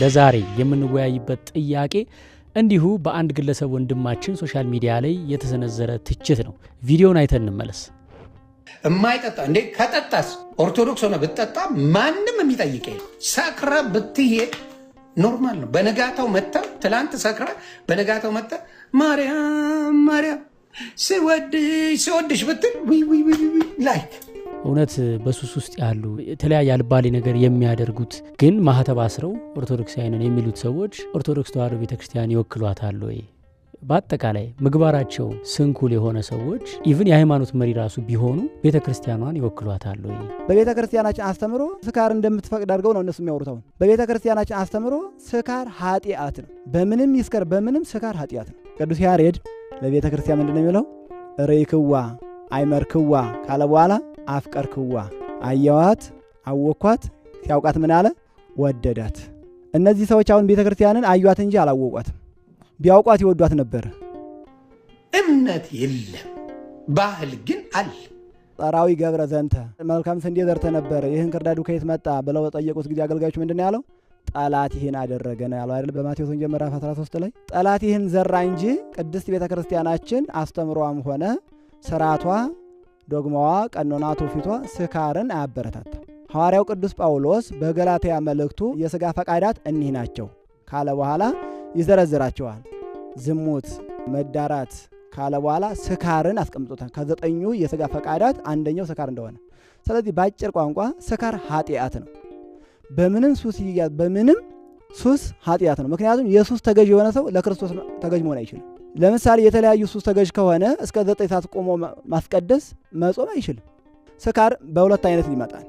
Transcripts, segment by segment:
ለዛሬ የምንወያይበት ጥያቄ እንዲሁ በአንድ ግለሰብ ወንድማችን ሶሻል ሚዲያ ላይ የተሰነዘረ ትችት ነው። ቪዲዮን አይተን እንመለስ። የማይጠጣ እንዴ ከጠጣስ ኦርቶዶክስ ሆነ ብትጠጣ ማንም የሚጠይቅ ሰክረ ብትሄድ ኖርማል ነው። በነጋታው መተ ትላንት ሰክረ በነጋታው መተ ማርያም ማርያም ሲወድሽ ሲወድሽ ብትል ላይክ እውነት በሱስ ውስጥ ያሉ የተለያየ አልባሌ ነገር የሚያደርጉት ግን ማህተብ አስረው ኦርቶዶክሳዊንን የሚሉት ሰዎች ኦርቶዶክስ ተዋሕዶ ቤተክርስቲያን ይወክሏታል ወይ? በአጠቃላይ ምግባራቸው ስንኩል የሆነ ሰዎች ኢቭን የሃይማኖት መሪ ራሱ ቢሆኑ ቤተ ክርስቲያኗን ይወክሏታል ወይ? በቤተ ክርስቲያናችን አስተምሮ ስካር እንደምትፈቅድ አድርገው ነው እነሱ የሚያወሩት። አሁን በቤተ ክርስቲያናችን አስተምሮ ስካር ኃጢአት ነው። በምንም ይስከር በምንም ስካር ኃጢአት ነው። ቅዱስ ያሬድ ለቤተ ክርስቲያን ምንድን ነው የሚለው? ርይክዋ አይመርክዋ ካለ በኋላ አፍቀርክዋ አየዋት፣ አወኳት። ሲያውቃት ምን አለ? ወደዳት። እነዚህ ሰዎች አሁን ቤተ ክርስቲያንን አዩዋት እንጂ አላወቋትም። ቢያውቋት ይወዷት ነበር። እምነት የለም፣ ባህል ግን አለ። ጸራዊ ገብረ ዘንተ መልካም ስንዴ ዘርተ ነበር፣ ይህን ክርዳዱ ከየት መጣ ብለው በጠየቁት ጊዜ አገልጋዮች ምንድን ያለው? ጠላት ይህን አደረገ ነው ያለው አይደል? በማቴዎስ ወንጌል ምዕራፍ 13 ላይ ጠላት ይህን ዘራ እንጂ ቅድስት ቤተ ክርስቲያናችን አስተምሯም ሆነ ስርዓቷ ዶግማዋ፣ ቀኖና፣ ትውፊቷ ስካርን አያበረታታም። ሐዋርያው ቅዱስ ጳውሎስ በገላትያ መልእክቱ የሥጋ ፈቃዳት እኒህ ናቸው ካለ በኋላ ይዘረዝራቸዋል። ዝሙት፣ መዳራት ካለ በኋላ ስካርን አስቀምጦታል። ከዘጠኙ የሥጋ ፈቃዳት አንደኛው ስካር እንደሆነ ስለዚህ በአጭር ቋንቋ ስካር ኃጢአት ነው። በምንም ሱስ ይያዝ፣ በምንም ሱስ ኃጢአት ነው። ምክንያቱም የሱስ ተገዥ የሆነ ሰው ለክርስቶስ ተገዥ መሆን አይችልም። ለምሳሌ የተለያዩ ሱስ ተገዥ ከሆነ እስከ ዘጠኝ ሰዓት ቆሞ ማስቀደስ መጾም አይችልም። ስካር በሁለት አይነት ይመጣል።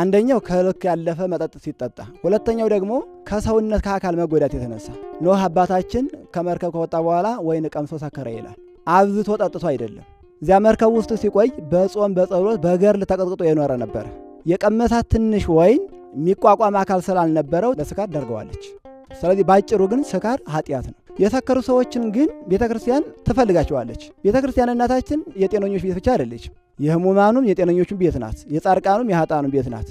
አንደኛው ከልክ ያለፈ መጠጥ ሲጠጣ፣ ሁለተኛው ደግሞ ከሰውነት ከአካል መጎዳት የተነሳ። ኖህ አባታችን ከመርከብ ከወጣ በኋላ ወይን ቀምሶ ሰከረ ይላል። አብዝቶ ጠጥቶ አይደለም። እዚያ መርከብ ውስጥ ሲቆይ በጾም በጸሎት በገርል ተቀጥቅጦ የኖረ ነበረ። የቀመሳት ትንሽ ወይን የሚቋቋም አካል ስላልነበረው ለስካር ደርገዋለች። ስለዚህ ባጭሩ ግን ስካር ኃጢአት ነው። የሰከሩ ሰዎችን ግን ቤተ ክርስቲያን ትፈልጋቸዋለች። ቤተ ክርስቲያን እናታችን የጤነኞች ቤት ብቻ አይደለችም። የህሙማኑም የጤነኞቹም ቤት ናት። የጻድቃኑም የሀጣኑም ቤት ናት።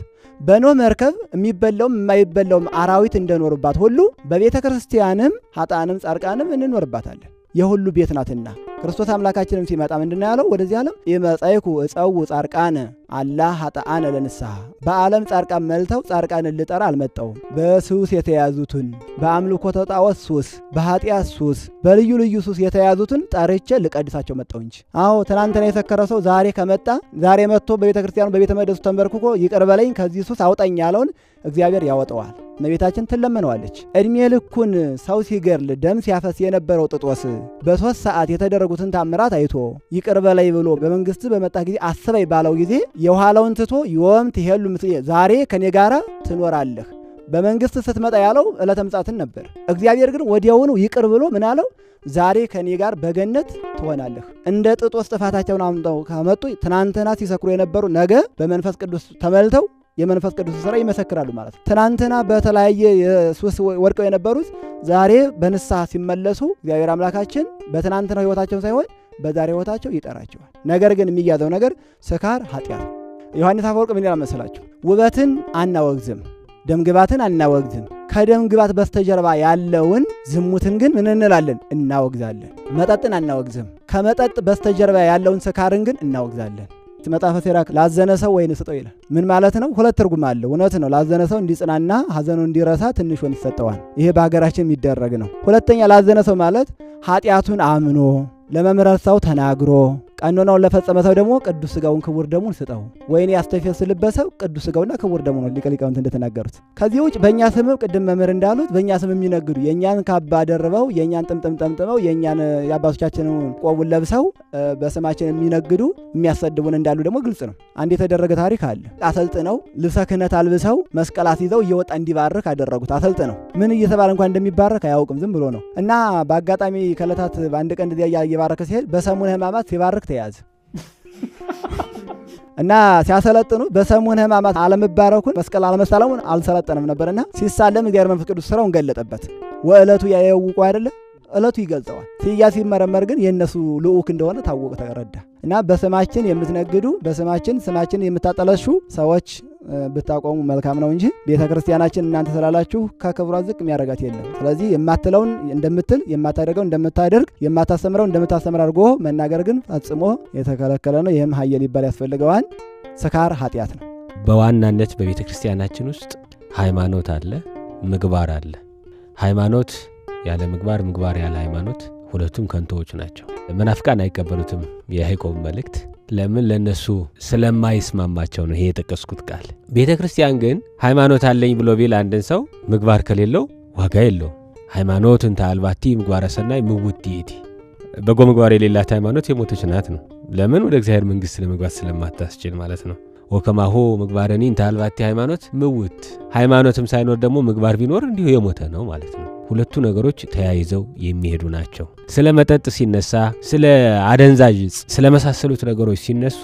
በኖ መርከብ የሚበላውም የማይበላውም አራዊት እንደኖርባት ሁሉ በቤተ ክርስቲያንም ሀጣንም ጻድቃንም እንኖርባታለን። የሁሉ ቤት ናትና ክርስቶስ አምላካችንም ሲመጣ ምንድን ያለው? ወደዚህ ዓለም ይመጸይኩ እፀው ጻርቃን አላ ሀጠአነ ለንስሐ በዓለም ጻርቃን መልተው ጻርቃንን ልጠራ አልመጣውም። በሱስ የተያዙትን በአምልኮ ጣዖት ሱስ፣ በኃጢአት ሱስ፣ በልዩ ልዩ ሱስ የተያዙትን ጠርቼ ልቀድሳቸው መጣው እንጂ። አዎ ትናንትና የሰከረ ሰው ዛሬ ከመጣ ዛሬ መጥቶ በቤተ ክርስቲያኑ በቤተ መቅደሱ ተንበርክኮ ይቅር በለኝ ከዚህ ሱስ አውጣኝ ያለውን እግዚአብሔር ያወጠዋል። እመቤታችን ትለመነዋለች። ዕድሜ ልኩን ሰው ደም ሲያፈስ የነበረው ጥጦስ በሦስት ሰዓት የተደረ ያደረጉትን ታምራት አይቶ ይቅር በላይ ብሎ በመንግስት በመጣ ጊዜ አስበይ ባለው ጊዜ የኋላውን ትቶ ዮም ትሄሉ ምስ ዛሬ ከኔ ጋር ትኖራለህ። በመንግስት ስትመጣ ያለው ዕለተ ምጻትን ነበር። እግዚአብሔር ግን ወዲያውኑ ይቅር ብሎ ምን አለው? ዛሬ ከእኔ ጋር በገነት ትሆናለህ። እንደ ጥጦስ ጥፋታቸውን አምጠው ከመጡ ትናንትና ሲሰክሩ የነበሩ ነገ በመንፈስ ቅዱስ ተመልተው የመንፈስ ቅዱስ ስራ ይመሰክራሉ ማለት ነው። ትናንትና በተለያየ የሱስ ወድቀው የነበሩት ዛሬ በንስሐ ሲመለሱ እግዚአብሔር አምላካችን በትናንትናው ህይወታቸው ሳይሆን በዛሬ ህይወታቸው ይጠራቸዋል። ነገር ግን የሚያዘው ነገር ስካር፣ ኃጢአት። ዮሐንስ አፈወርቅ ምን ይላል መሰላችሁ? ውበትን አናወግዝም፣ ደምግባትን አናወግዝም ከደም ግባት በስተጀርባ ያለውን ዝሙትን ግን ምን እንላለን? እናወግዛለን። መጠጥን አናወግዝም። ከመጠጥ በስተጀርባ ያለውን ስካርን ግን እናወግዛለን። መጣፈ ሲራክ ላዘነ ሰው ወይን ስጠው ይላል። ምን ማለት ነው? ሁለት ትርጉም አለ። እውነት ነው። ላዘነ ሰው እንዲጽናና ሐዘኑ እንዲረሳ ትንሽ ወይን ይሰጠዋል። ይሄ በሀገራችን የሚደረግ ነው። ሁለተኛ ላዘነ ሰው ማለት ኃጢአቱን አምኖ ለመምረት ሰው ተናግሮ ቀኖናውን ለፈጸመ ሰው ደግሞ ቅዱስ ስጋውን ክቡር ደሙን ስጠው፣ ወይኔ ያስተፈስልበት ሰው ቅዱስ ስጋውና ክቡር ደሙ ነው ሊቀ ሊቃውንት እንደተናገሩት። ከዚህ ውጭ በእኛ ስምም ቅድም መምህር እንዳሉት በእኛ ስም የሚነግዱ የእኛን ካባ ደርበው የእኛን ጥምጥም ጠምጥመው የእኛን የአባቶቻችንን ቆቡን ለብሰው በስማችን የሚነግዱ የሚያሰድቡን እንዳሉ ደግሞ ግልጽ ነው። አንድ የተደረገ ታሪክ አለ። አሰልጥነው ልብሰ ክህነት አልብሰው መስቀላት ይዘው እየወጣ እንዲባርክ አደረጉት። አሰልጥነው ምን እየተባለ እንኳን እንደሚባረክ አያውቅም ዝም ብሎ ነው እና በአጋጣሚ ከዕለታት በአንድ ቀን እየባረከ ሲሄድ በሰሙነ ሕማማት ሲባርክ ተያዘ እና ሲያሰለጥኑ በሰሙን ህማማት አለመባረኩን መስቀል አለመሳለሙን አልሰለጠንም ነበርና ሲሳለም እግዚአብሔር መንፈስ ቅዱስ ስራውን ገለጠበት። ወእለቱ ያየውቁ አይደለ እለቱ ይገልጸዋል። ሲያ ሲመረመር ግን የእነሱ ልዑክ እንደሆነ ታወቅ ተረዳ። እና በስማችን የምትነግዱ በስማችን ስማችን የምታጠለሹ ሰዎች ብታቆሙ መልካም ነው እንጂ ቤተ ክርስቲያናችን እናንተ ስላላችሁ ከክብሯ ዝቅ የሚያደርጋት የለም። ስለዚህ የማትለውን እንደምትል የማታደርገው እንደምታደርግ የማታሰምረው እንደምታሰምር አድርጎ መናገር ግን ፈጽሞ የተከለከለ ነው። ይህም ሀየ ሊባል ያስፈልገዋል። ስካር ኃጢአት ነው። በዋናነት በቤተ ክርስቲያናችን ውስጥ ሃይማኖት አለ፣ ምግባር አለ። ሃይማኖት ያለ ምግባር፣ ምግባር ያለ ሃይማኖት፣ ሁለቱም ከንቶዎች ናቸው። መናፍቃን አይቀበሉትም የያዕቆብ መልእክት ለምን ለነሱ ስለማይስማማቸው ነው ይሄ የጠቀስኩት ቃል። ቤተ ክርስቲያን ግን ሃይማኖት አለኝ ብሎ ቢል አንድን ሰው ምግባር ከሌለው ዋጋ የለው። ሃይማኖት እንተ አልባቲ ምግባረ ሰናይ ምውት በጎ ምግባር የሌላት ሃይማኖት የሞተች ናት ነው። ለምን ወደ እግዚአብሔር መንግሥት ለመግባት ስለማታስችል ማለት ነው። ወከማሆ ምግባረኒ እንተ አልባቲ ሃይማኖት ምውት፣ ሃይማኖትም ሳይኖር ደግሞ ምግባር ቢኖር እንዲሁ የሞተ ነው ማለት ነው። ሁለቱ ነገሮች ተያይዘው የሚሄዱ ናቸው። ስለ መጠጥ ሲነሳ፣ ስለ አደንዛዥ ዕፅ፣ ስለ መሳሰሉት ነገሮች ሲነሱ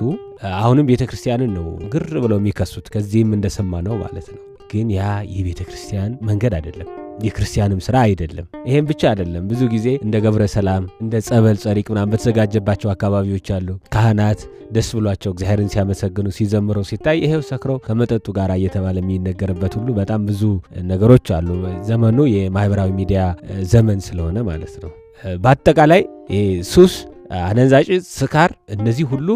አሁንም ቤተ ክርስቲያንን ነው ግር ብለው የሚከሱት። ከዚህም እንደሰማ ነው ማለት ነው። ግን ያ የቤተ ክርስቲያን መንገድ አይደለም። የክርስቲያንም ስራ አይደለም። ይሄም ብቻ አይደለም። ብዙ ጊዜ እንደ ገብረ ሰላም እንደ ጸበል ጸሪቅ ምናምን በተዘጋጀባቸው አካባቢዎች አሉ ካህናት ደስ ብሏቸው እግዚአብሔርን ሲያመሰግኑ ሲዘምሩ ሲታይ ይሄው ሰክረው ከመጠጡ ጋር እየተባለ የሚነገርበት ሁሉ በጣም ብዙ ነገሮች አሉ። ዘመኑ የማህበራዊ ሚዲያ ዘመን ስለሆነ ማለት ነው። በአጠቃላይ ሱስ አነንዛጭ፣ ስካር፣ እነዚህ ሁሉ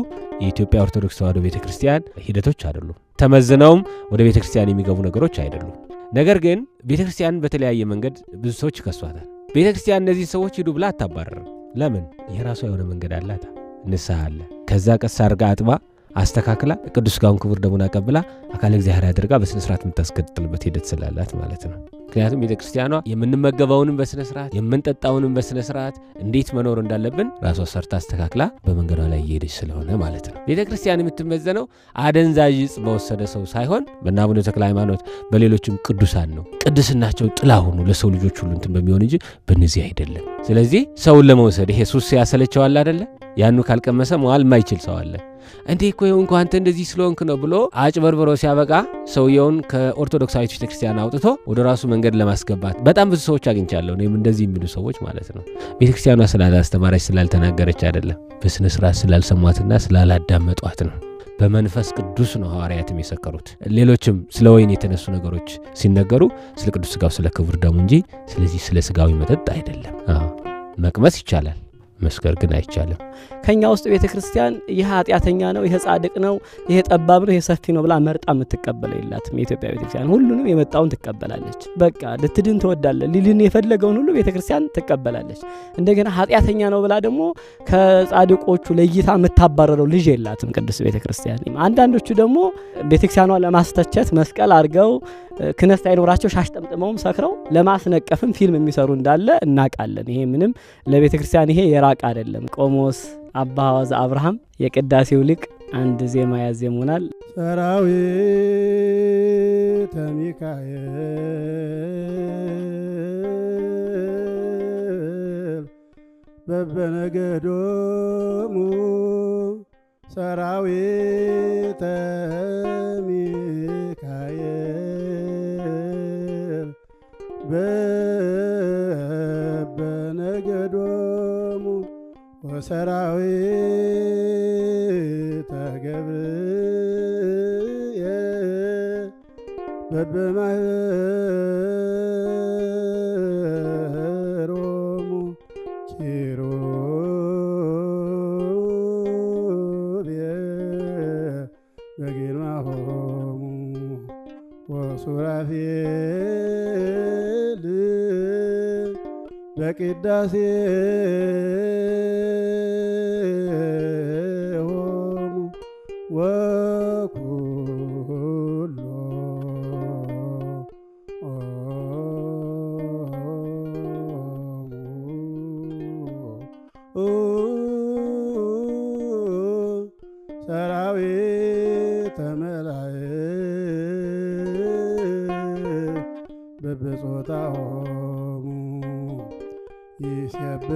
የኢትዮጵያ ኦርቶዶክስ ተዋሕዶ ቤተ ክርስቲያን ሂደቶች አይደሉም። ተመዝነውም ወደ ቤተ ክርስቲያን የሚገቡ ነገሮች አይደሉም። ነገር ግን ቤተ ክርስቲያን በተለያየ መንገድ ብዙ ሰዎች ይከሷታል። ቤተ ክርስቲያን እነዚህ ሰዎች ሂዱ ብላ አታባረርም። ለምን? የራሷ የሆነ መንገድ አላት። ንስሐ አለ። ከዛ ቀስ አርጋ አጥባ አስተካክላ ቅዱስ ሥጋውን ክቡር ደሙን አቀብላ አካል እግዚአብሔር አድርጋ በስነስርዓት የምታስቀጥልበት ሂደት ስላላት ማለት ነው። ምክንያቱም ቤተ ክርስቲያኗ የምንመገበውንም በስነስርዓት የምንጠጣውንም በስነስርዓት እንዴት መኖር እንዳለብን ራሷ ሰርታ አስተካክላ በመንገዷ ላይ እየሄደች ስለሆነ ማለት ነው። ቤተ ክርስቲያን የምትመዘነው አደንዛዥ ዕፅ በወሰደ ሰው ሳይሆን በእነ አቡነ ተክለ ሃይማኖት፣ በሌሎችም ቅዱሳን ነው። ቅድስናቸው ጥላ ሆኑ ለሰው ልጆች ሁሉ እንትን በሚሆን እንጂ በእነዚህ አይደለም። ስለዚህ ሰውን ለመውሰድ ይሄ ሱስ ያሰለቸዋል አደለ? ያኑ ካልቀመሰ መዋል ማይችል ሰው አለ። እንዴ እኮ የሆንኩ አንተ እንደዚህ ስለሆንክ ነው ብሎ አጭበርብሮ ሲያበቃ ሰውየውን ከኦርቶዶክሳዊት ቤተክርስቲያን አውጥቶ ወደ ራሱ መንገድ ለማስገባት በጣም ብዙ ሰዎች አግኝቻለሁ። እኔም እንደዚህ የሚሉ ሰዎች ማለት ነው። ቤተክርስቲያኗ ስላላስተማረች ስላልተናገረች አይደለም፣ በስነ ስርዓት ስላልሰሟትና ስላላዳመጧት ነው። በመንፈስ ቅዱስ ነው ሐዋርያትም የሰከሩት። ሌሎችም ስለ ወይን የተነሱ ነገሮች ሲነገሩ ስለ ቅዱስ ስጋው ስለ ክቡር ደሙ እንጂ ስለዚህ ስለ ስጋዊ መጠጥ አይደለም። መቅመስ ይቻላል። መስከር ግን አይቻልም። ከእኛ ውስጥ ቤተ ክርስቲያን ይህ ኃጢአተኛ ነው፣ ይህ ጻድቅ ነው፣ ይሄ ጠባብ ነው፣ ይሄ ሰፊ ነው ብላ መርጣ የምትቀበለው የላትም። የኢትዮጵያ ቤተ ክርስቲያን ሁሉንም የመጣውን ትቀበላለች። በቃ ልትድን ትወዳለ ሊልን የፈለገውን ሁሉ ቤተ ክርስቲያን ትቀበላለች። እንደገና ኃጢአተኛ ነው ብላ ደግሞ ከጻድቆቹ ለይታ የምታባረረው ልጅ የላትም ቅዱስ ቤተ ክርስቲያን። አንዳንዶቹ ደግሞ ቤተ ክርስቲያኗ ለማስተቸት መስቀል አድርገው ክነት ሳይኖራቸው ሻሽ ጠምጥመውም ሰክረው ለማስነቀፍም ፊልም የሚሰሩ እንዳለ እናውቃለን። ይሄ ምንም ለቤተ ክርስቲያን ይሄ የራ ራቅ አይደለም። ቆሞስ አባ አብርሃም የቅዳሴው ሊቅ አንድ ዜማ ያዜሙናል። ሰራዊተ ሚካኤል በበነገዶሙ ሰራዊተ ወሰራዊተ ገብርኤል በበማህሮሙ ኪሩቤል በግርማሆሙ ወሱራፌል በቅዳሴ ለዘበ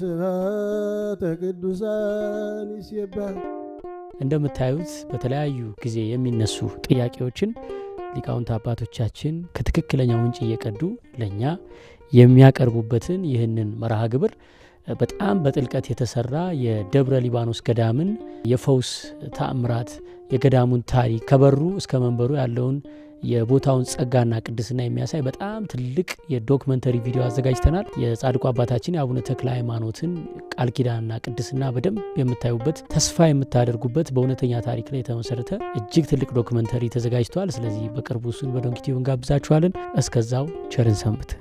ስብሐተ ቅዱሳን ይሴብሐ እንደምታዩት በተለያዩ ጊዜ የሚነሱ ጥያቄዎችን ሊቃውንት አባቶቻችን ከትክክለኛ ምንጭ እየቀዱ ለእኛ የሚያቀርቡበትን ይህንን መርሃ ግብር በጣም በጥልቀት የተሰራ የደብረ ሊባኖስ ገዳምን የፈውስ ተአምራት፣ የገዳሙን ታሪክ ከበሩ እስከ መንበሩ ያለውን የቦታውን ጸጋና ቅድስና የሚያሳይ በጣም ትልቅ የዶክመንተሪ ቪዲዮ አዘጋጅተናል። የጻድቁ አባታችን የአቡነ ተክለ ሃይማኖትን ቃል ኪዳንና ቅድስና በደንብ የምታዩበት ተስፋ የምታደርጉበት በእውነተኛ ታሪክ ላይ የተመሰረተ እጅግ ትልቅ ዶክመንተሪ ተዘጋጅቷል። ስለዚህ በቅርቡ እሱን በዶንኪቲዩብ እንጋብዛችኋለን። እስከዛው ቸርን ሰንብት።